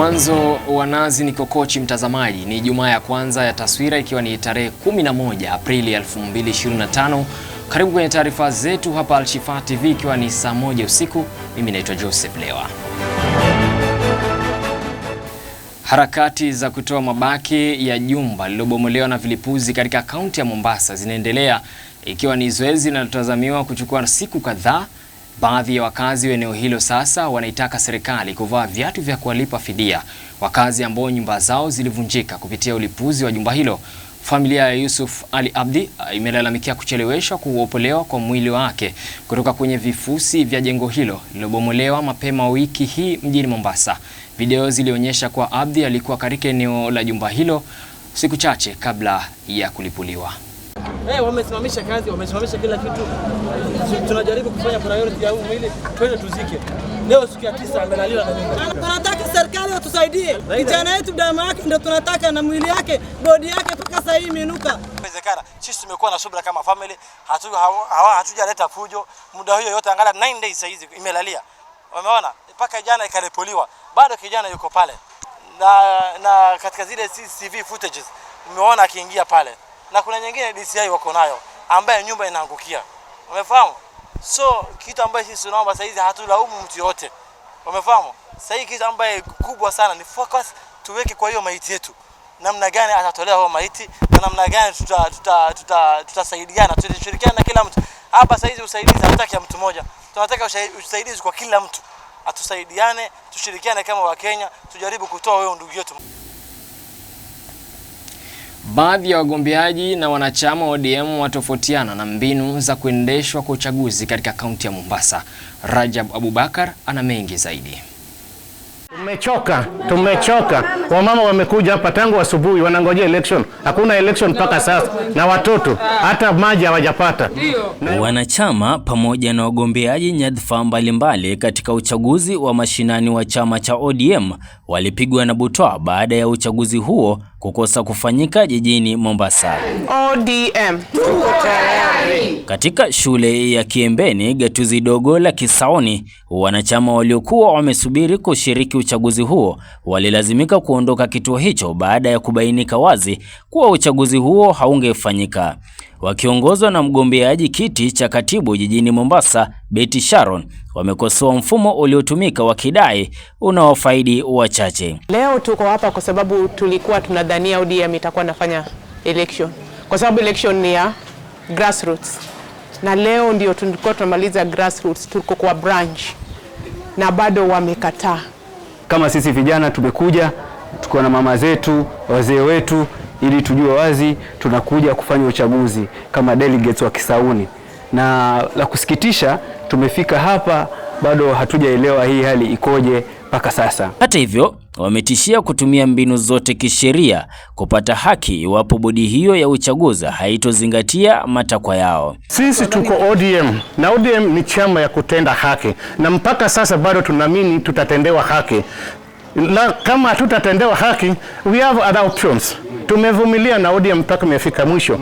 Mwanzo wa nazi ni kokochi, mtazamaji. Ni Ijumaa ya kwanza ya Taswira, ikiwa ni tarehe 11 Aprili 2025. Karibu kwenye taarifa zetu hapa alshifa TV, ikiwa ni saa moja usiku. Mimi naitwa Joseph Lewa. Harakati za kutoa mabaki ya jumba lililobomolewa na vilipuzi katika kaunti ya Mombasa zinaendelea, ikiwa ni zoezi linalotazamiwa kuchukua siku kadhaa Baadhi ya wakazi wa eneo hilo sasa wanaitaka serikali kuvaa viatu vya kuwalipa fidia wakazi ambao nyumba zao zilivunjika kupitia ulipuzi wa jumba hilo. Familia ya Yusuf Ali Abdi ah, imelalamikia kucheleweshwa kuopolewa kwa mwili wake kutoka kwenye vifusi vya jengo hilo lililobomolewa mapema wiki hii mjini Mombasa. Video zilionyesha kuwa Abdi alikuwa katika eneo la jumba hilo siku chache kabla ya kulipuliwa. Eh, wamesimamisha kazi, wamesimamisha kila kitu. Tunajaribu kufanya priority ya huu mwili twende tuzike. Leo siku ya tisa amelaliwa na nyumba. Tunataka serikali watusaidie. Kijana yetu damu yake ndio tunataka na mwili yake, bodi yake mpaka sasa hii imenuka. Inawezekana sisi tumekuwa na subira kama family, hatu hawa hatujaleta fujo. Muda huo yote angalia 9 days hizi imelalia. Umeona? Mpaka jana ikalepoliwa. Bado kijana yuko pale. Na na katika zile CCTV footages umeona akiingia pale na kuna nyingine DCI wako nayo ambaye nyumba inaangukia, umefahamu? So kitu ambaye sisi tunaomba sasa hizi hatulaumu mtu yote, umefahamu? Sasa hii kitu ambaye kubwa sana ni focus tuweke kwa hiyo maiti yetu, namna gani atatolewa hiyo maiti na namna gani tutasaidiana, tuta, tuta, tuta tutashirikiana na kila mtu hapa. Sasa hizi usaidizi hatutaki ya mtu mmoja, tunataka usaidizi kwa kila mtu, atusaidiane, tushirikiane kama Wakenya, tujaribu kutoa huyo ndugu yetu. Baadhi ya wagombeaji na wanachama wa ODM watofautiana na mbinu za kuendeshwa kwa uchaguzi katika kaunti ya Mombasa. Rajab Abubakar ana mengi zaidi. Tumechoka, tumechoka. Wamama wamekuja hapa tangu asubuhi, wanangojea election, hakuna election mpaka sasa, na watoto hata maji hawajapata. Wanachama pamoja na wagombeaji nyadhifa mbalimbali katika uchaguzi wa mashinani wa chama cha ODM walipigwa na butwa baada ya uchaguzi huo kukosa kufanyika jijini Mombasa. ODM. Katika shule ya Kiembeni, gatuzi dogo la Kisaoni, wanachama waliokuwa wamesubiri kushiriki uchaguzi huo walilazimika kuondoka kituo hicho baada ya kubainika wazi kuwa uchaguzi huo haungefanyika. Wakiongozwa na mgombeaji kiti cha katibu jijini Mombasa, Betty Sharon, wamekosoa mfumo uliotumika wakidai unawafaidi wachache. Leo tuko hapa kwa sababu tulikuwa tunadhania ODM itakuwa nafanya election kwa sababu election ni ya grassroots, na leo ndio tulikuwa tunamaliza grassroots, tuko kwa branch na bado wamekataa. Kama sisi vijana tumekuja tukiwa na mama zetu, wazee wetu, ili tujue wazi tunakuja kufanya uchaguzi kama delegates wa Kisauni, na la kusikitisha tumefika hapa bado hatujaelewa hii hali ikoje mpaka sasa. Hata hivyo wametishia kutumia mbinu zote kisheria kupata haki iwapo bodi hiyo ya uchaguzi haitozingatia matakwa yao. Sisi tuko ODM na ODM ni chama ya kutenda haki, na mpaka sasa bado tunaamini tutatendewa haki na kama hatutatendewa haki, we have other options. Tumevumilia na ODM mpaka imefika mwisho.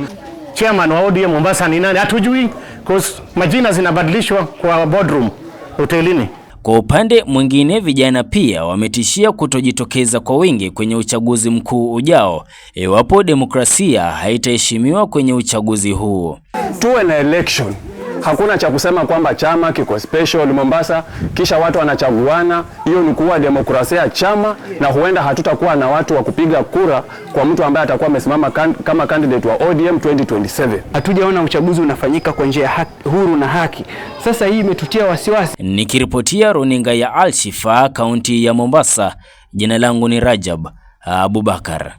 Chairman wa ODM Mombasa ni nani hatujui, cause majina zinabadilishwa kwa boardroom hotelini. Kwa upande mwingine, vijana pia wametishia kutojitokeza kwa wingi kwenye uchaguzi mkuu ujao iwapo demokrasia haitaheshimiwa kwenye uchaguzi huu. Tuwe na election Hakuna cha kusema kwamba chama kiko special Mombasa, kisha watu wanachaguana. Hiyo ni kuwa demokrasia ya chama, na huenda hatutakuwa na watu wa kupiga kura kwa mtu ambaye atakuwa amesimama kan, kama candidate wa ODM 2027. Hatujaona uchaguzi unafanyika kwa njia ya huru na haki. Sasa hii imetutia wasiwasi. Nikiripotia runinga ya alshifa kaunti ya Mombasa, jina langu ni Rajab Abubakar.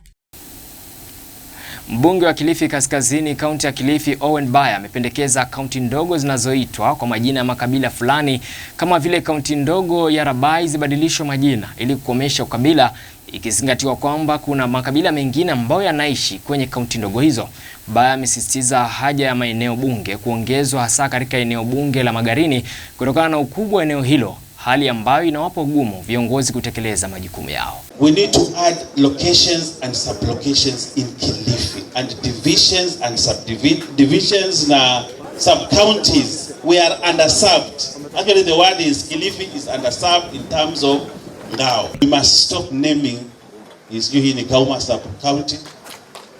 Mbunge wa Kilifi Kaskazini, kaunti ya Kilifi, Owen Baya amependekeza kaunti ndogo zinazoitwa kwa majina ya makabila fulani kama vile kaunti ndogo ya Rabai zibadilishwe majina ili kukomesha ukabila, ikizingatiwa kwamba kuna makabila mengine ambayo yanaishi kwenye kaunti ndogo hizo. Baya amesisitiza haja ya maeneo bunge kuongezwa hasa katika eneo bunge la Magarini kutokana na ukubwa wa eneo hilo hali ambayo inawapa ugumu viongozi kutekeleza majukumu yao. We need to add locations and sublocations in Kilifi and divisions and subdivisions na sub counties we are underserved. Actually the word is Kilifi is underserved in terms of now. We must stop naming is you hii ni Kauma sub county.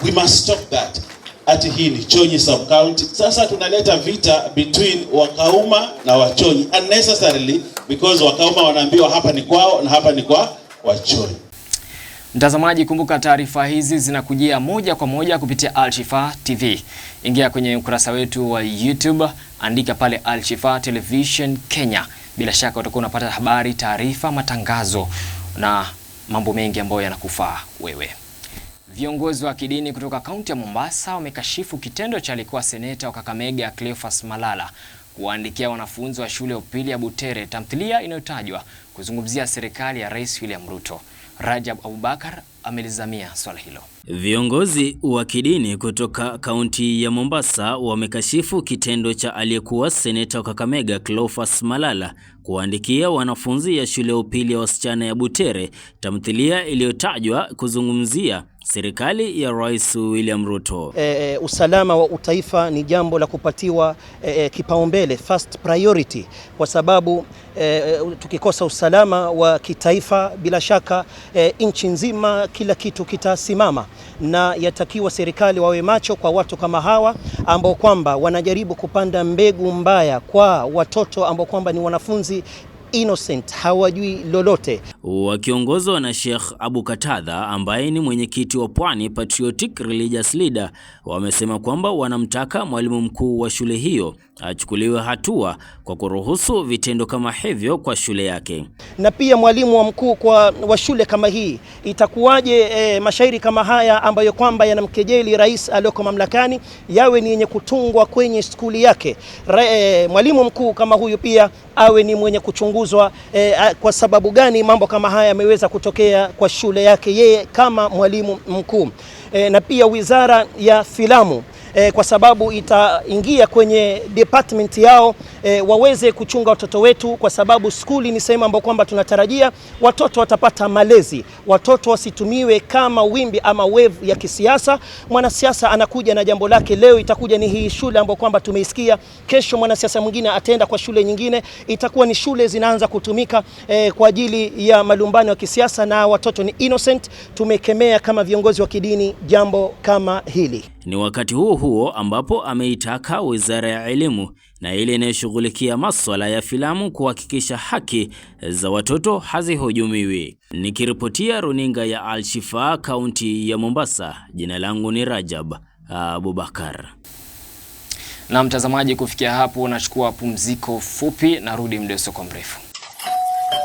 We must stop that. Ati hii ni Chonyi sub county. Sasa tunaleta vita between Wakauma na Wachonyi unnecessarily because Wakauma wanaambiwa hapa ni kwao na hapa ni kwa Wacholi. Mtazamaji, kumbuka taarifa hizi zinakujia moja kwa moja kupitia Alshifa TV. Ingia kwenye ukurasa wetu wa YouTube, andika pale Alshifa Television Kenya. Bila shaka utakuwa unapata habari, taarifa, matangazo na mambo mengi ambayo yanakufaa wewe. Viongozi wa kidini kutoka kaunti ya Mombasa wamekashifu kitendo cha alikuwa seneta wa Kakamega Cleophas Malala kuwaandikia wanafunzi wa shule ya upili ya Butere tamthilia inayotajwa kuzungumzia serikali ya Rais William Ruto. Rajab Abubakar amelizamia swala hilo. Viongozi wa kidini kutoka kaunti ya Mombasa wamekashifu kitendo cha aliyekuwa seneta wa Kakamega Cleophas Malala kuwaandikia wanafunzi ya shule ya upili ya wasichana ya Butere tamthilia iliyotajwa kuzungumzia Serikali ya Rais William Ruto. E, usalama wa utaifa ni jambo la kupatiwa e, kipaumbele first priority kwa sababu e, tukikosa usalama wa kitaifa bila shaka e, nchi nzima kila kitu kitasimama, na yatakiwa serikali wawe macho kwa watu kama hawa ambao kwamba wanajaribu kupanda mbegu mbaya kwa watoto ambao kwamba ni wanafunzi innocent hawajui lolote wakiongozwa na Sheikh Abu Katadha ambaye ni mwenyekiti wa Pwani Patriotic Religious Leader, wamesema kwamba wanamtaka mwalimu mkuu wa shule hiyo achukuliwe hatua kwa kuruhusu vitendo kama hivyo kwa shule yake. Na pia mwalimu wa mkuu kwa wa shule kama hii itakuwaje? E, mashairi kama haya ambayo kwamba yanamkejeli rais aliyoko mamlakani yawe ni yenye kutungwa kwenye skuli yake. Re, e, eh, mwalimu mkuu kama huyu pia awe ni mwenye kuchunguzwa e, kwa sababu gani mambo kama haya yameweza kutokea kwa shule yake yeye kama mwalimu mkuu e, na pia Wizara ya Filamu eh, kwa sababu itaingia kwenye department yao eh, waweze kuchunga watoto wetu, kwa sababu skuli ni sehemu ambayo kwamba tunatarajia watoto watapata malezi, watoto wasitumiwe kama wimbi ama wave ya kisiasa. Mwanasiasa anakuja na jambo lake, leo itakuja ni hii shule ambayo kwamba tumeisikia, kesho mwanasiasa mwingine ataenda kwa shule nyingine, itakuwa ni shule zinaanza kutumika eh, kwa ajili ya malumbano ya kisiasa na watoto ni innocent. Tumekemea kama viongozi wa kidini jambo kama hili. Ni wakati huo huo ambapo ameitaka Wizara ya Elimu na ile inayoshughulikia masuala ya filamu kuhakikisha haki za watoto hazihujumiwi. Nikiripotia runinga ya Al kaunti ya Mombasa, jina langu ni Rajab Abubakar. Na mtazamaji, kufikia hapo nachukua pumziko fupi, narudi mdeso kwa mrefu.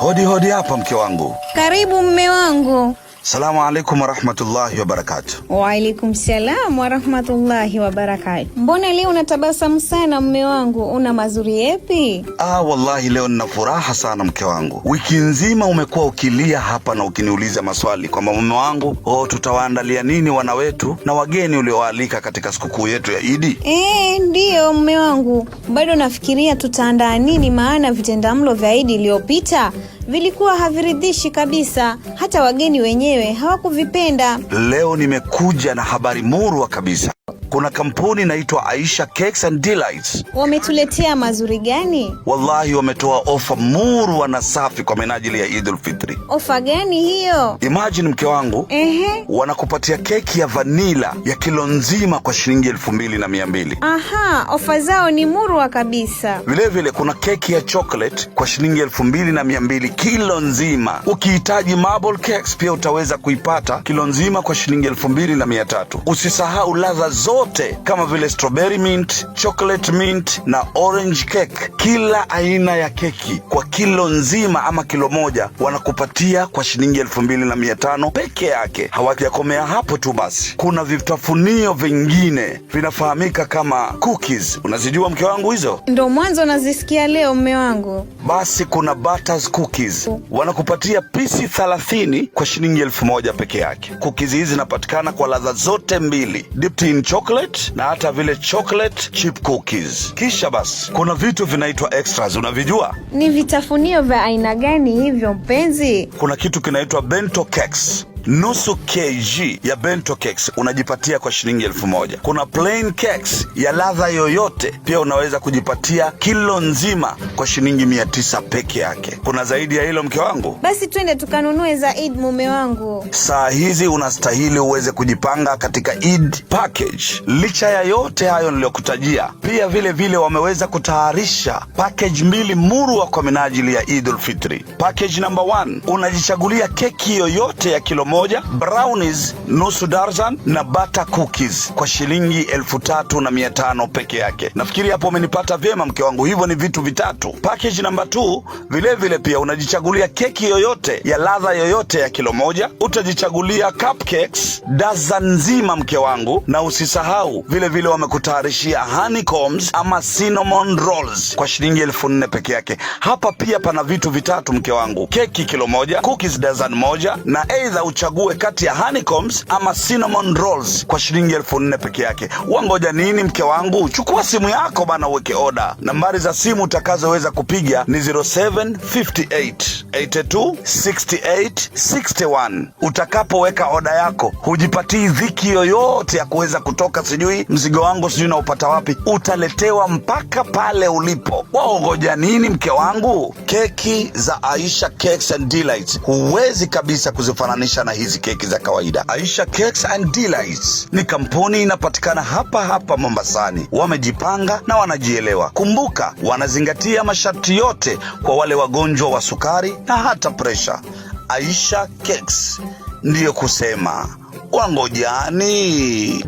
Hodi hodi hapa mke wangu. Karibu mme wangu. Salamu alaikum warahmatullahi wabarakatu. Waalaikum salam warahmatullahi wabarakatu. Mbona leo unatabasamu sana mme wangu, una mazuri yepi? Ah, wallahi leo nina furaha sana mke wangu. Wiki nzima umekuwa ukilia hapa na ukiniuliza maswali kwamba mume wangu, oh, tutawaandalia nini wana wetu na wageni uliowaalika katika sikukuu yetu ya Idi? Eh, ndiyo mme wangu, bado nafikiria tutaandaa nini, maana vitendamlo vya Idi iliyopita vilikuwa haviridhishi kabisa, hata wageni wenyewe hawakuvipenda. Leo nimekuja na habari murwa kabisa. Kuna kampuni inaitwa Aisha Cakes and Delights. Wametuletea mazuri gani? Wallahi, wametoa ofa murwa na safi kwa menajili ya Idul Fitri. Ofa gani hiyo? Imagine mke wangu, ehe, wanakupatia keki ya vanila ya kilo nzima kwa shilingi elfu mbili na mia mbili. Aha, ofa zao ni murwa kabisa. Vilevile vile, kuna keki ya chocolate kwa shilingi elfu mbili na mia mbili kilo nzima. Ukihitaji marble cakes pia utaweza kuipata kilo nzima kwa shilingi elfu mbili na mia tatu. Usisahau ladha zote kama vile strawberry mint, chocolate mint na orange cake. Kila aina ya keki kwa kilo nzima ama kilo moja wanakupatia kwa shilingi elfu mbili na mia tano peke yake. Hawajakomea hapo tu basi, kuna vitafunio vingine vinafahamika kama cookies. Unazijua mke wangu hizo? Ndo mwanzo nazisikia leo mme wangu. Basi kuna butters cookies Cookies wanakupatia pisi 30 kwa shilingi elfu moja peke yake. Cookies hizi zinapatikana kwa ladha zote mbili, dipped in chocolate na hata vile chocolate chip cookies. Kisha basi kuna vitu vinaitwa extras, unavijua ni vitafunio vya aina gani hivyo mpenzi? Kuna kitu kinaitwa bento cakes nusu kg ya bento cakes unajipatia kwa shilingi elfu moja. Kuna plain cakes ya ladha yoyote pia unaweza kujipatia kilo nzima kwa shilingi mia tisa peke yake. Kuna zaidi ya hilo, mke wangu? Basi twende tukanunue za mume wangu. Saa hizi unastahili uweze kujipanga katika Eid package. Licha ya yote hayo niliyokutajia, pia vile vile wameweza kutayarisha package mbili murwa kwa minajili ya Idul Fitri. Package number 1 unajichagulia keki yoyote ya kilo moja, brownies nusu darzan na butter cookies kwa shilingi elfu tatu na mia tano peke yake. Nafikiri hapo umenipata vyema mke wangu, hivyo ni vitu vitatu. Package namba 2 vilevile pia unajichagulia keki yoyote ya ladha yoyote ya kilo moja, utajichagulia cupcakes dazan nzima mke wangu, na usisahau vilevile wamekutayarishia honeycombs ama cinnamon rolls kwa shilingi elfu nne peke yake. Hapa pia pana vitu vitatu mke wangu, keki kilo moja, cookies dazan moja na aidha uchague kati ya honeycombs ama cinnamon rolls kwa shilingi elfu nne peke yake. Wangoja nini, mke wangu? Chukua simu yako bana, uweke oda. Nambari za simu utakazoweza kupiga ni 0758 Utakapoweka oda yako hujipatii dhiki yoyote ya kuweza kutoka, sijui mzigo wangu sijui naupata wapi, utaletewa mpaka pale ulipo. Waongoja nini, mke wangu? Keki za Aisha Cakes and Delights huwezi kabisa kuzifananisha na hizi keki za kawaida. Aisha Cakes and Delights ni kampuni inapatikana hapa hapa Mombasani. Wamejipanga na wanajielewa. Kumbuka, wanazingatia masharti yote kwa wale wagonjwa wa sukari na hata presha. Aisha Cakes ndiyo kusema wangojani.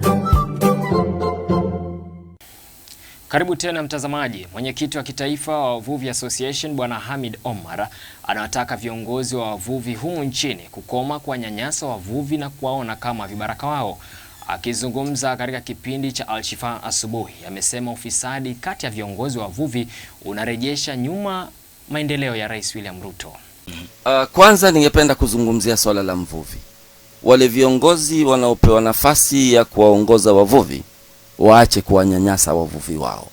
Karibu tena mtazamaji. Mwenyekiti wa kitaifa wa Wavuvi Association Bwana Hamid Omar anawataka viongozi wa wavuvi humu nchini kukoma kuwanyanyasa wavuvi na kuwaona kama vibaraka wao. Akizungumza katika kipindi cha Alshifa asubuhi, amesema ufisadi kati ya viongozi wa wavuvi unarejesha nyuma maendeleo ya Rais William Ruto. Uh, kwanza ningependa kuzungumzia swala la mvuvi. Wale viongozi wanaopewa nafasi ya kuwaongoza wavuvi waache kuwanyanyasa wavuvi wao,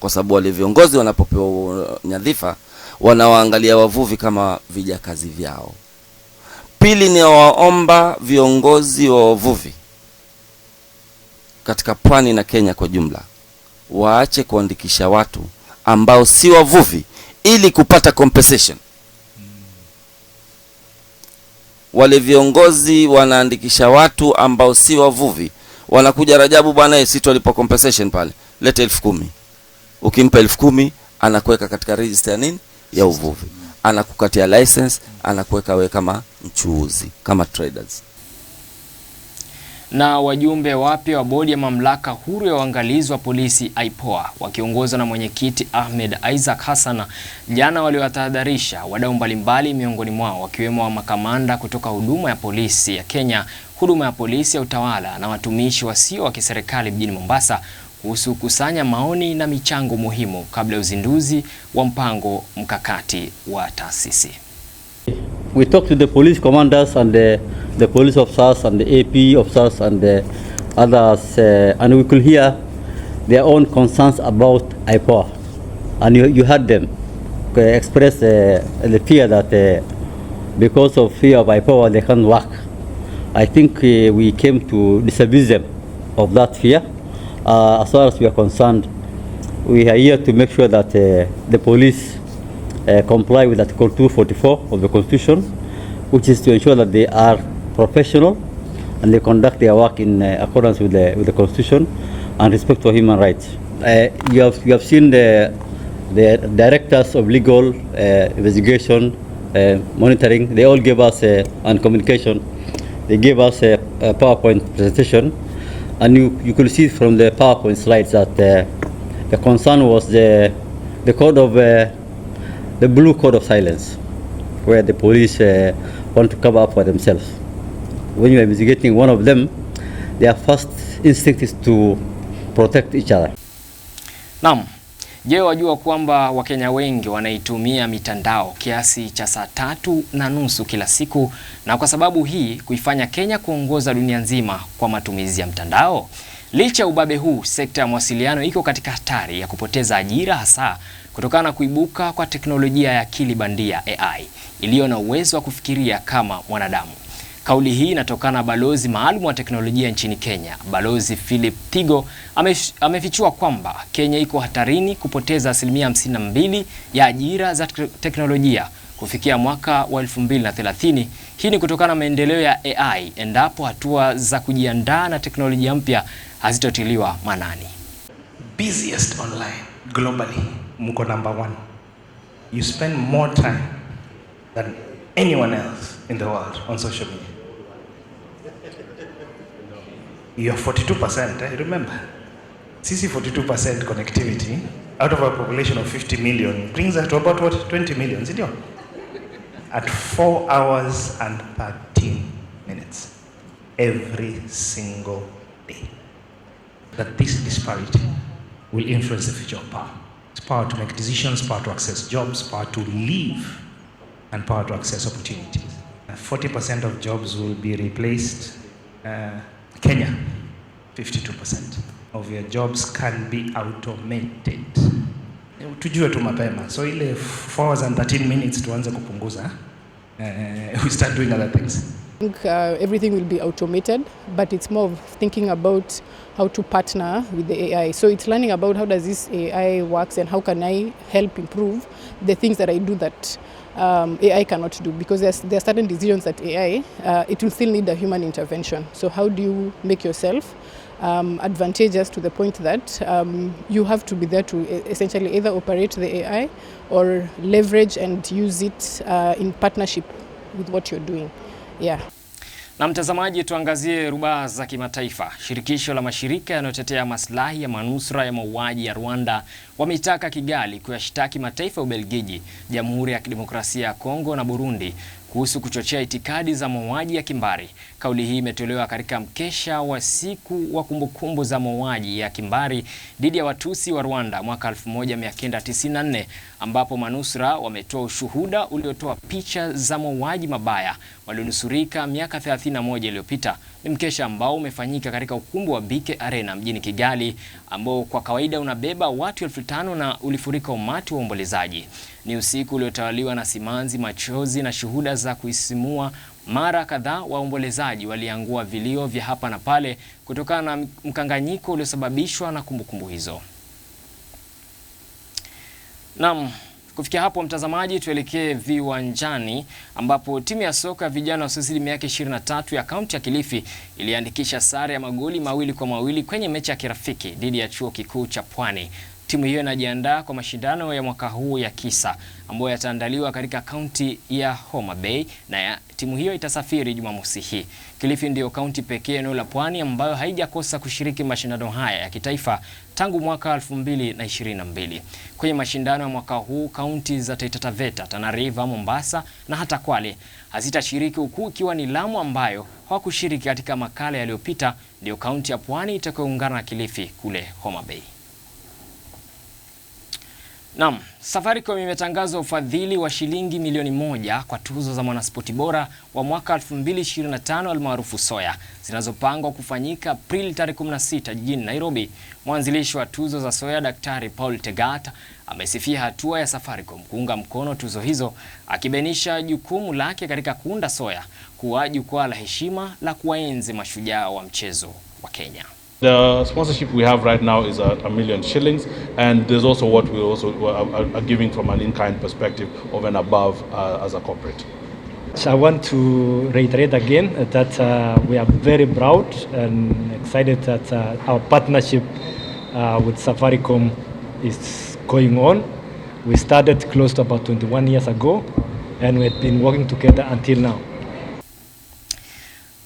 kwa sababu wale viongozi wanapopewa nyadhifa wanawaangalia wavuvi kama vijakazi vyao. Pili ni waomba viongozi wa wavuvi katika pwani na Kenya kwa jumla waache kuandikisha watu ambao si wavuvi ili kupata compensation. Wale viongozi wanaandikisha watu ambao si wavuvi wanakuja Rajabu, bwana eh, si tulipo compensation pale, lete elfu kumi. Ukimpa elfu kumi anakuweka katika register ya nini ya uvuvi, anakukatia license, anakuweka wewe kama mchuuzi, kama traders. Na wajumbe wapya wa bodi ya mamlaka huru ya uangalizi wa polisi IPOA wakiongozwa na mwenyekiti Ahmed Isaac Hassan jana waliwatahadharisha wadau mbalimbali, miongoni mwao wakiwemo wa makamanda kutoka huduma ya polisi ya Kenya huduma ya polisi ya utawala na watumishi wasio wa kiserikali mjini Mombasa kuhusu kusanya maoni na michango muhimu kabla ya uzinduzi wa mpango mkakati wa taasisi. We talked to the police commanders and the, the police officers and the AP officers and the others uh, and we could hear their own concerns about IPOA and you, you heard them uh, express uh, the fear that uh, because of fear of IPOA they can't work I think uh, we came to disabuse them of that fear. Uh, as far as we are concerned, we are here to make sure that uh, the police uh, comply with Article 244 of the Constitution, which is to ensure that they are professional and they conduct their work in uh, accordance with the, with the Constitution and respect for human rights. Uh, you, have, you have seen the, the directors of legal uh, investigation, uh, monitoring, they all gave us uh, and communication they gave us a, a PowerPoint presentation, and you, you could see from the PowerPoint slides that uh, the concern was the, the code of uh, the blue code of silence, where the police uh, want to cover up for themselves. When you are investigating one of them, their first instinct is to protect each other. Now, Je, wajua kwamba Wakenya wengi wanaitumia mitandao kiasi cha saa tatu na nusu kila siku na kwa sababu hii kuifanya Kenya kuongoza dunia nzima kwa matumizi ya mtandao? Licha ya ubabe huu, sekta ya mawasiliano iko katika hatari ya kupoteza ajira hasa kutokana na kuibuka kwa teknolojia ya akili bandia AI iliyo na uwezo wa kufikiria kama mwanadamu. Kauli hii inatokana na balozi maalum wa teknolojia nchini Kenya, Balozi Philip Thigo amefichua kwamba Kenya iko hatarini kupoteza asilimia 52 ya ajira za teknolojia kufikia mwaka wa 2030. Hii ni kutokana na maendeleo ya AI endapo hatua za kujiandaa na teknolojia mpya hazitotiliwa manani Busiest online globally, mko number one. You spend more time than anyone else in the world on social media. You are 42%, eh? Remember, CC 42% connectivity out of a population of 50 million brings us to about what 20 million, sindio? At 4 hours and 13 minutes every single day. That this disparity will influence the future of power. It's power to make decisions, power to access jobs, power to live, and power to access opportunities. 40% of jobs will be replaced. Uh, Kenya, 52% of your jobs can be automated. Eh, tujue tu mapema, so ile 4 hours and 13 minutes tuanze kupunguza. Uh, we start doing other things. I think uh, everything will be automated, but it's more of thinking about how to partner with the AI. So it's learning about how does this AI works and how can I help improve the things that I do that um, AI cannot do because there's, there are certain decisions that AI, uh, it will still need a human intervention. So how do you make yourself um, advantageous to the point that um, you have to be there to e, essentially either operate the AI or leverage and use it uh, in partnership with what you're doing. Yeah. Na mtazamaji, tuangazie rubaa za kimataifa. Shirikisho la mashirika yanayotetea maslahi ya manusura ya mauaji ya Rwanda wameitaka Kigali kuyashtaki mataifa ya Ubelgiji, Jamhuri ya Kidemokrasia ya Kongo na Burundi kuhusu kuchochea itikadi za mauaji ya kimbari. Kauli hii imetolewa katika mkesha wa siku wa kumbukumbu za mauaji ya kimbari dhidi ya Watusi wa Rwanda mwaka 1994 ambapo manusura wametoa ushuhuda uliotoa picha za mauaji mabaya walionusurika miaka 31 iliyopita. Ni mkesha ambao umefanyika katika ukumbi wa BK Arena mjini Kigali ambao kwa kawaida unabeba watu elfu tano na ulifurika umati wa uombolezaji. Ni usiku uliotawaliwa na simanzi, machozi na shuhuda za kuisimua. Mara kadhaa waombolezaji waliangua vilio vya hapa na pale kutokana na mkanganyiko uliosababishwa na kumbukumbu hizo. Naam. Kufikia hapo mtazamaji, tuelekee viwanjani ambapo timu ya soka vijana wasiozidi miaka 23 ya kaunti ya Kilifi iliandikisha sare ya magoli mawili kwa mawili kwenye mechi ya kirafiki dhidi ya chuo kikuu cha Pwani. Timu hiyo inajiandaa kwa mashindano ya mwaka huu ya KISA ambayo yataandaliwa katika kaunti ya Homa Bay na ya, timu hiyo itasafiri Jumamosi hii. Kilifi ndiyo kaunti pekee eneo la Pwani ambayo haijakosa kushiriki mashindano haya ya kitaifa tangu mwaka 2022. Kwenye mashindano ya mwaka huu kaunti za Taita Taveta, Tana River, Mombasa na hata Kwale hazitashiriki huku ikiwa ni Lamu ambayo hawakushiriki katika makala yaliyopita ndiyo kaunti ya Pwani itakayoungana na Kilifi kule Homa Bay. Naam, Safaricom imetangaza ufadhili wa shilingi milioni moja kwa tuzo za mwanaspoti bora wa mwaka 2025 almaarufu Soya zinazopangwa kufanyika Aprili tarehe 16 jijini Nairobi. Mwanzilishi wa tuzo za Soya Daktari Paul Tegat amesifia hatua ya Safaricom kuunga mkono tuzo hizo, akibainisha jukumu lake katika kuunda Soya kuwa jukwaa la heshima la kuwaenzi mashujaa wa mchezo wa Kenya. The sponsorship we have right now is a, a million shillings, and there's also what we also uh, uh, are, also giving from an in-kind perspective of and above uh, as a corporate. So I want to reiterate again that uh, we are very proud and excited that uh, our partnership uh, with Safaricom is going on. We started close to about 21 years ago, and we've been working together until now.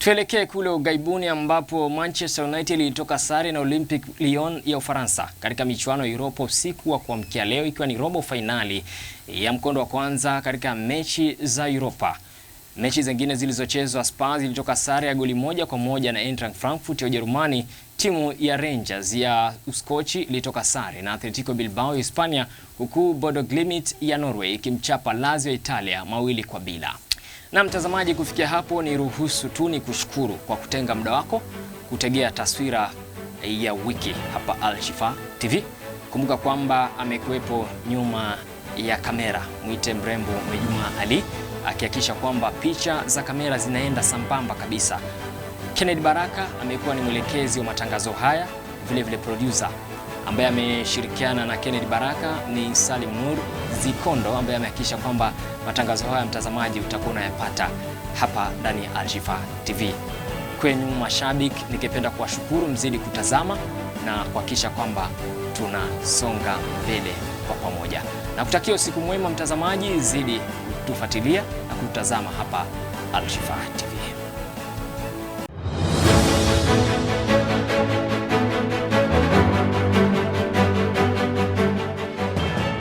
Tuelekee kule ughaibuni ambapo Manchester United ilitoka sare na Olympic Lyon ya Ufaransa katika michuano ya Europa usiku wa kuamkia leo ikiwa ni robo fainali ya mkondo wa kwanza katika mechi za Europa. Mechi zingine zilizochezwa, Spurs ilitoka sare ya goli moja kwa moja na Eintracht Frankfurt ya Ujerumani. Timu ya Rangers ya Uskochi ilitoka sare na Atletico Bilbao ya Hispania, huku Bodo Glimt ya Norway ikimchapa Lazio ya Italia mawili kwa bila. Na mtazamaji, kufikia hapo ni ruhusu tu ni kushukuru kwa kutenga muda wako kutegea taswira ya wiki hapa Al TV. Kumbuka kwamba amekuwepo nyuma ya kamera, mwite mrembo Mejuma Ali akihakikisha kwamba picha za kamera zinaenda sambamba kabisa. Kennedy Baraka amekuwa ni mwelekezi wa matangazo haya, vilevile producer ambaye ameshirikiana na Kennedy Baraka ni Salim Nur. Zikondo ambaye amehakikisha kwamba matangazo haya mtazamaji utakuwa unayapata hapa ndani ya Aljifa TV. Kwenyu mashabiki, ningependa kuwashukuru mzidi kutazama na kuhakikisha kwamba tunasonga mbele kwa pamoja, na kutakia usiku mwema mtazamaji, zidi kutufuatilia na kutazama hapa Aljifa TV.